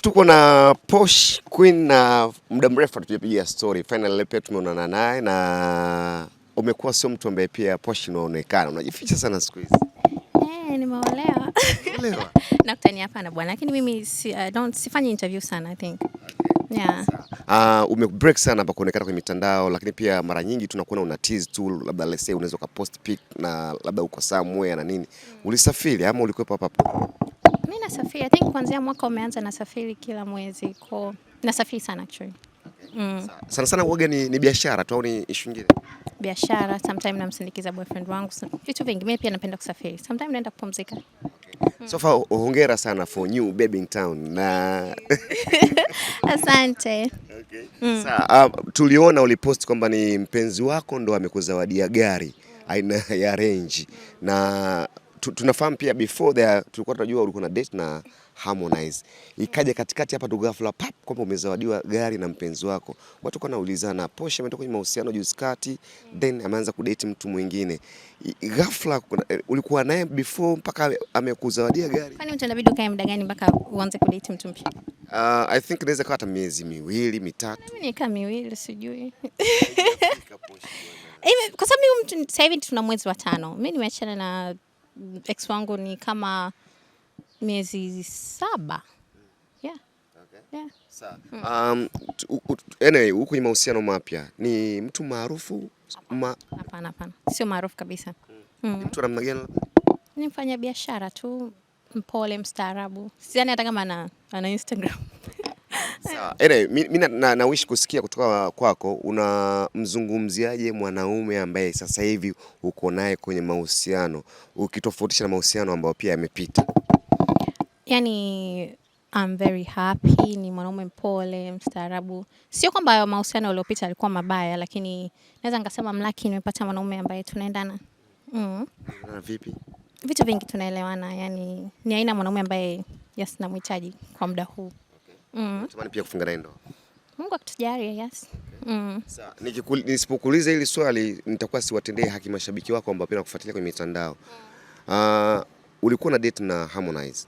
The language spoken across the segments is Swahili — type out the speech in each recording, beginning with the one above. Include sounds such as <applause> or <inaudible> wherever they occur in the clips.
Guys, tuko na Posh Queen na muda mrefu hatujapiga story. Finally leo pia tumeonana naye na umekuwa sio mtu ambaye pia Posh unaonekana. Unajificha sana siku hizi. Eh, nimeolewa. Nimeolewa. <laughs> hapa na bwana, lakini mimi si, uh, don't sifanye interview sana I think. Okay. Yeah. Ah, Uh, umebreak sana hapa kuonekana kwenye mitandao lakini pia mara nyingi tunakuona una tease tu, labda let's say unaweza ukapost pic na labda uko somewhere na nini. Mm. Ulisafiri ama ulikuwa hapa hapa? nasafiri. I think kuanzia mwaka umeanza nasafiri kila mwezi. Kwa nasafiri sana actually. Mm. Sana sana uoga ni, ni biashara tu au ni ishu nyingine? Biashara, sometimes namsindikiza boyfriend wangu. Vitu vingi mimi pia napenda kusafiri. Sometimes naenda kupumzika. Okay. So far hongera sana for new baby in town na <laughs> Asante. Okay. Mm. Sa, uh, tuliona ulipost kwamba ni mpenzi wako ndo amekuzawadia gari aina ya Range na tunafahamu pia before there tulikuwa tunajua ulikuwa na date na Harmonize, ikaja katikati hapa tu ghafla pap kwamba umezawadiwa gari na mpenzi wako. Watu kwa naulizana, Posha ametoka kwenye mahusiano juzi kati, then ameanza kudate mtu mwingine ghafla. Eh, ulikuwa naye before mpaka amekuzawadia gari? Kwani mtu anabidi ukae muda gani mpaka uanze kudate mtu mpya? Uh, I think inaweza kuwa hata miezi miwili mitatu. Mimi nikaa miwili sijui. <laughs> Kwa sababu mimi mtu sasa hivi tuna mwezi wa tano, mimi nimeachana na ex wangu ni kama miezi saba. Yeah. Okay. Yeah. Sawa. Hmm. Um, anyway, huko kwenye mahusiano mapya ni mtu maarufu? Hapana, hapana. Sio maarufu kabisa. Mm. Mm. Mtu namna gani? Ni mfanya biashara tu, mpole, mstaarabu. Sidhani hata kama ana, ana Instagram Ene, mimi na, nawishi kusikia kutoka kwako, unamzungumziaje mwanaume ambaye sasa hivi uko naye kwenye mahusiano ukitofautisha na mahusiano ambayo pia yamepita? Yani, I'm very happy, ni mwanaume mpole, mstaarabu. Sio kwamba mahusiano yaliyopita yalikuwa mabaya, lakini naweza nikasema mlaki, nimepata mwanaume ambaye tunaendana mm. Vipi? Vitu vingi tunaelewana, yani ni aina mwanaume ambaye yes, namhitaji kwa muda huu mm. pia kufunga naye ndoa. Mungu akitujalia, yes. Mm. Sasa nisipokuuliza hili swali nitakuwa siwatendee haki mashabiki wako ambao pia kufuatilia kwenye mitandao. Uh, ulikuwa na date na Harmonize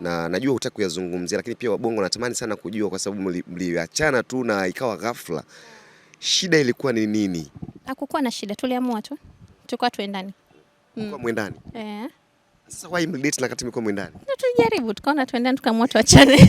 na najua hutaki kuyazungumzia, lakini pia wabongo natamani sana kujua, kwa sababu mliachana tu na ikawa ghafla. Shida ilikuwa ni nini? Hakukuwa na shida, tuliamua tu tukawa tuendani. Mm. Kwa mwendani? Eh. Sasa why mlidate na kati mko mwendani? Tulijaribu tukaona tuendani, tukaamua tuachane. <laughs>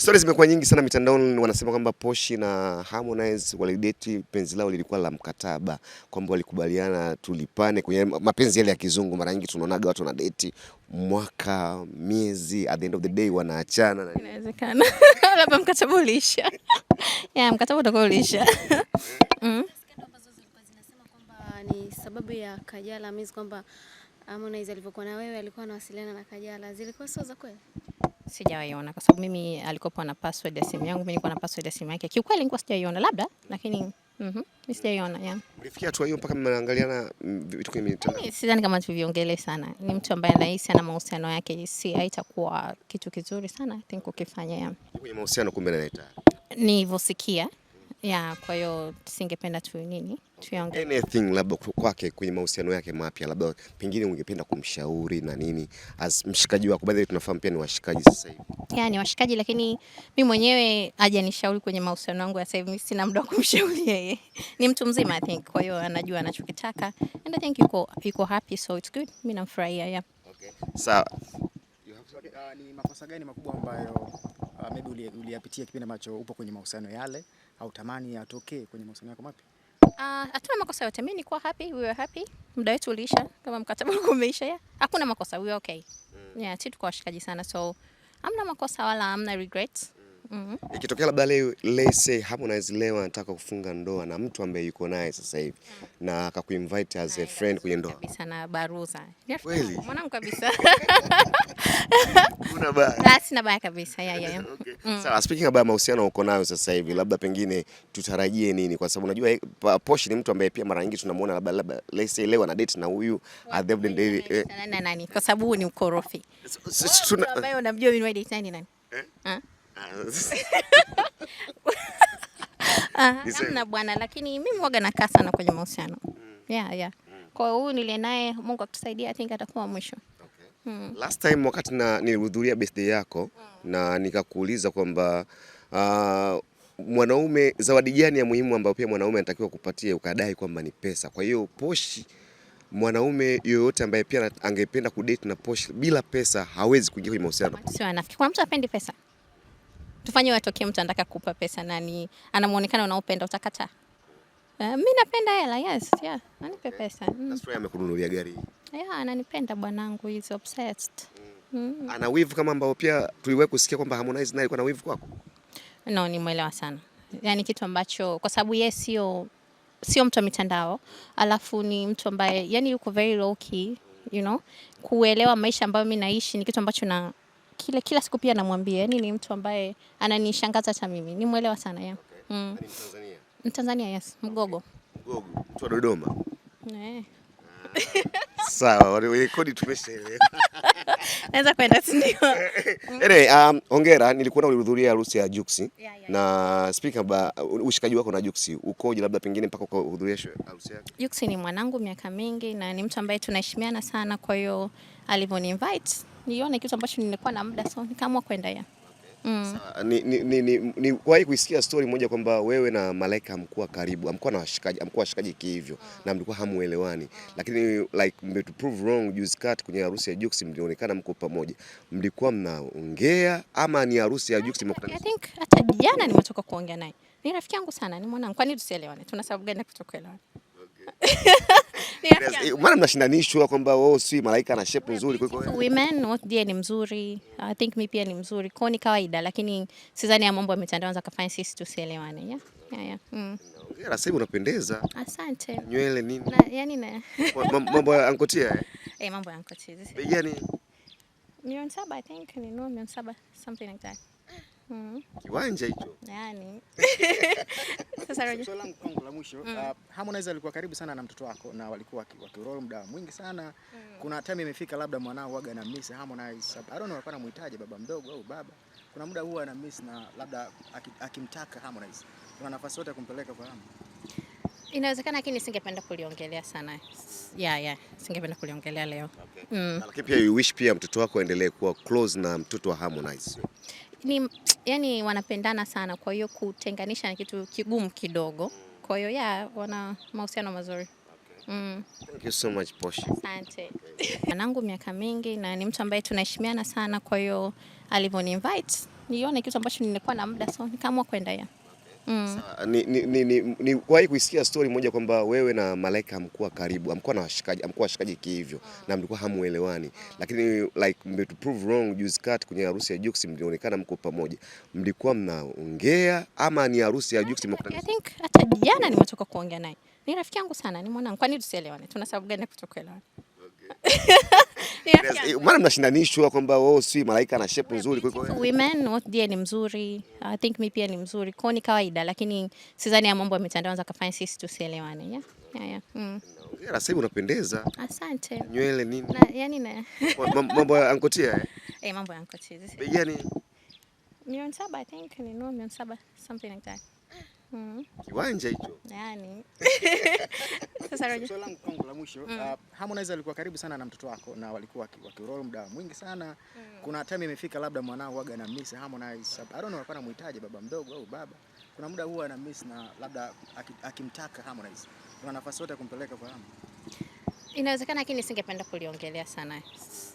Stori zimekuwa nyingi sana mitandaoni, wanasema kwamba Poshi na Harmonize walideti, penzi lao lilikuwa la mkataba, kwamba walikubaliana tulipane kwenye mapenzi yale ya kizungu. Mara nyingi tunaonaga watu wana deti mwaka, miezi, at the end of the day wanaachana na... inawezekana <laughs> labda mkataba uliisha <laughs> yeah, mkataba utakuwa uliisha <laughs> mm. Ni sababu ya Kajala mimi kwamba Harmonize alivyokuwa na wewe alikuwa anawasiliana na Kajala, zilikuwa sio za kweli sijaiona kwa sababu mimi alikuwa na password ya simu yangu, mimi nilikuwa na password ya simu yake. Kiukweli nilikuwa sijaiona labda, lakini mhm, sijaiona ya. Mlifikia hatua hiyo mpaka mnaangaliana vitu kwenye mitandao? Mimi Sidhani kama tuviongelee sana. Ni mtu ambaye anahisi ana mahusiano yake, si haitakuwa kitu kizuri sana I think ukifanya ya. Kwenye mahusiano kumbe naleta. Nilivyosikia Yeah, kwa hiyo tusingependa tu nini tuyangu anything labda kwake kwenye mahusiano yake mapya, labda pengine ungependa kumshauri na nini as mshikaji wako? By tunafahamu pia ni washikaji sasa hivi. Yeah, ni washikaji, lakini mimi mwenyewe hajanishauri kwenye mahusiano yangu ya sasa hivi, sina muda wa kumshauri yeye. Ni mtu mzima I think, kwa hiyo anajua anachokitaka and I think yuko yuko happy so it's good. Mimi namfurahia yeah. Okay. Sawa. So, uh, ni makosa gani makubwa ambayo uh, maybe uliyapitia kipindi ambacho upo kwenye mahusiano yale? hautamani yatokee kwenye mahusiano yako mapya? Ah, hatuna uh, makosa yote. Mimi niko happy, we were happy. Muda wetu uliisha kama mkataba wako umeisha ya. Hakuna makosa, we were okay. Mm. Yeah, sisi tuko washikaji sana so hamna makosa wala hamna regrets mm -hmm. Ikitokea labda leo say Harmonize leo anataka kufunga ndoa na mtu ambaye yuko naye sasa hivi mm na akakuinvite as a friend kwenye ndoa kabisa na baruza, kweli mwanangu kabisa, kuna baya <laughs> na baya kabisa yeah, yeah. okay. mm. Sawa, speaking about mahusiano uko nayo sasa hivi, labda pengine tutarajie nini? Kwa sababu unajua eh, Posh ni mtu ambaye pia mara nyingi tunamuona labda labda let's say leo ana date na huyu at the end of the day eh. nani, kwa sababu ni ukorofi ambaye unamjua ni nani nani eh? ah? Ah, <laughs> hamna bwana, lakini mimi waga nakaa sana kwenye mahusiano mm. yeah, yeah. Mm. Kwa huyu niliye naye, Mungu akitusaidia, I think atakuwa mwisho okay. mm. Last time wakati na nilihudhuria birthday yako mm. na nikakuuliza kwamba uh, mwanaume zawadi gani ya muhimu ambayo pia mwanaume anatakiwa kupatia, ukadai kwamba ni pesa. Kwa hiyo Poshi, mwanaume yoyote ambaye pia angependa kudate na Poshi bila pesa hawezi kuingia kwenye mahusiano. Sio anafiki kwa mtu apendi pesa tufanye watokee, mtu anataka kukupa pesa nani, ana muonekano unaopenda, utakata? Uh, mi napenda hela, yes, yeah, anipe pesa. mm. Amekununulia gari? Yeah, ananipenda bwanangu, is obsessed. Mm. Mm. Ana wivu kama ambao pia tuliwahi kusikia kwamba Harmonize naye alikuwa na wivu kwako? No, ni mwelewa sana, yaani kitu ambacho kwa sababu yeye sio sio mtu wa mitandao, alafu ni mtu ambaye yani yuko very low key, you know, kuelewa maisha ambayo mimi naishi ni kitu ambacho na kila, kila siku pia namwambia, yani ni mtu ambaye ananishangaza hata mimi, ni mwelewa sana ya. Okay. Mm. Yaani Tanzania. Mtanzania, yes, Mgogo. Okay. Mgogo, mtu wa Dodoma. Eh. Ah. <laughs> Sawa, rekodi tumeshaelewa. <laughs> Naweza kwenda si ndio? <laughs> Um, hongera, nilikuona ulihudhuria harusi ya Juksi yeah, yeah, yeah. Na speak about ushikaji wako na Juksi ukoje, labda pengine mpaka ukahudhuria harusi yake? Juksi ni mwanangu miaka mingi na ni mtu ambaye tunaheshimiana sana, kwa hiyo alivyoni invite niliona kitu ambacho nilikuwa na muda, so nikaamua kwenda ya Mm. Ni, ni, ni, ni, ni wahi kuisikia story moja kwamba wewe na Malaika hamkuwa karibu, hamkuwa na washikaji, hamkuwa washikaji kihivyo mm. na mlikuwa hamuelewani, lakini like mbe to prove wrong juzi kati kwenye harusi ya Jux, mlionekana mko pamoja, mlikuwa mnaongea ama ni harusi ya Jux mkutana? I think hata jana nimetoka kuongea naye, ni rafiki yangu sana, ni mwanangu. Kwani tusielewane? Tuna sababu gani ya kutokuelewana? okay. <laughs> Eh, maana mnashindanishwa kwamba wao oh, si malaika na shape nzuri kuliko women wote. Oh, ndiye ni mzuri, I think mi pia ni mzuri, Kwa ni kawaida, lakini sidhani ya mambo ya mitandao kafanya sisi tusielewane. yeah. yeah, yeah. mm. Hongera, sasa unapendeza. Asante. Nywele nini? Na, yani na. Mambo ya ankotia. Eh, eh mambo ya ankotia. Bei gani? Milioni saba, I think ni no milioni saba something like that. Mm. Kiwanja hicho. Yani. <laughs> Sasa roje. Swali langu la mwisho. Mm. Uh, Harmonize alikuwa karibu sana na mtoto wako na walikuwa wakiroll muda mwingi sana. Mm. Kuna time imefika labda mwanao waga na miss Harmonize. I don't know alikuwa anamuhitaji baba mdogo au baba. Kuna muda huwa ana miss na labda akimtaka Harmonize. Kuna nafasi yote kumpeleka kwa Harmonize. Inawezekana, lakini singependa kuliongelea sana. Yeah, yeah. Singependa kuliongelea leo. Okay. Mm. Lakini pia you wish pia mtoto wako aendelee kuwa close na mtoto wa Harmonize. Ni yani wanapendana sana, kwa hiyo kutenganisha ni kitu kigumu kidogo. Mm. Kwa hiyo ya wana mahusiano mazuri. Mm. Thank you so much Posh. Asante. Anangu miaka mingi na ni mtu ambaye tunaheshimiana sana, kwa hiyo alivyoni invite niliona kitu ambacho nilikuwa na muda so nikaamua kwenda ya Mm. kuisikia story moja kwamba wewe na Malaika hamkuwa karibu, hamkuwa na washikaji, hamkuwa washikaji kihivyo mm. na mlikuwa hamuelewani, mm. lakini like mbe to prove wrong juzi kati kwenye harusi ya Jux, mlionekana mko pamoja, mlikuwa mnaongea ama ni harusi ya ah, Jux mkutana? I think hata jana nimetoka kuongea naye, ni rafiki yangu sana, ni mwanangu. Kwa nini tusielewane? Tuna sababu gani ya kutokuelewana? Okay. <laughs> Eh, maana mnashindanishwa kwamba wo oh, si malaika na shape nzuri kuliko women ni mzuri, I think mi pia ni mzuri, kwa ni kawaida, lakini sidhani ya mambo ya mitandao za kafanya sisi tusielewane. yeah? yeah, yeah. mm. hivi unapendeza. Asante. Nywele nini? Na, yani na. Mambo ya ankotia eh? <laughs> Eh, mambo ya ankotia. Bei gani? Milioni saba, I think. Ni milioni saba, something like that. Mm. Kiwanja hicho. Yani. <laughs> swali langu kwangu la mwisho mm. Uh, Harmonize alikuwa karibu sana na mtoto wako na walikuwa wakiroll muda mwingi sana mm. Kuna time imefika labda mwanao waga na miss Harmonize, I don't know kwa anamhitaji baba mdogo au baba, kuna muda huwa ana miss na labda akimtaka Harmonize, kuna nafasi yote kumpeleka kwa Harmonize inawezekana lakini singependa kuliongelea sana.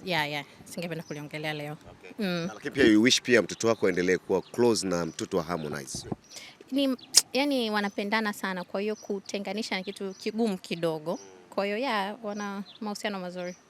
Yeah, yeah. Singependa kuliongelea leo. Okay. Mm. Lakini pia you wish pia mtoto wako aendelee kuwa close na mtoto wa Harmonize ni yani wanapendana sana, kwa hiyo kutenganisha ni kitu kigumu kidogo. Kwa hiyo ya wana mahusiano mazuri.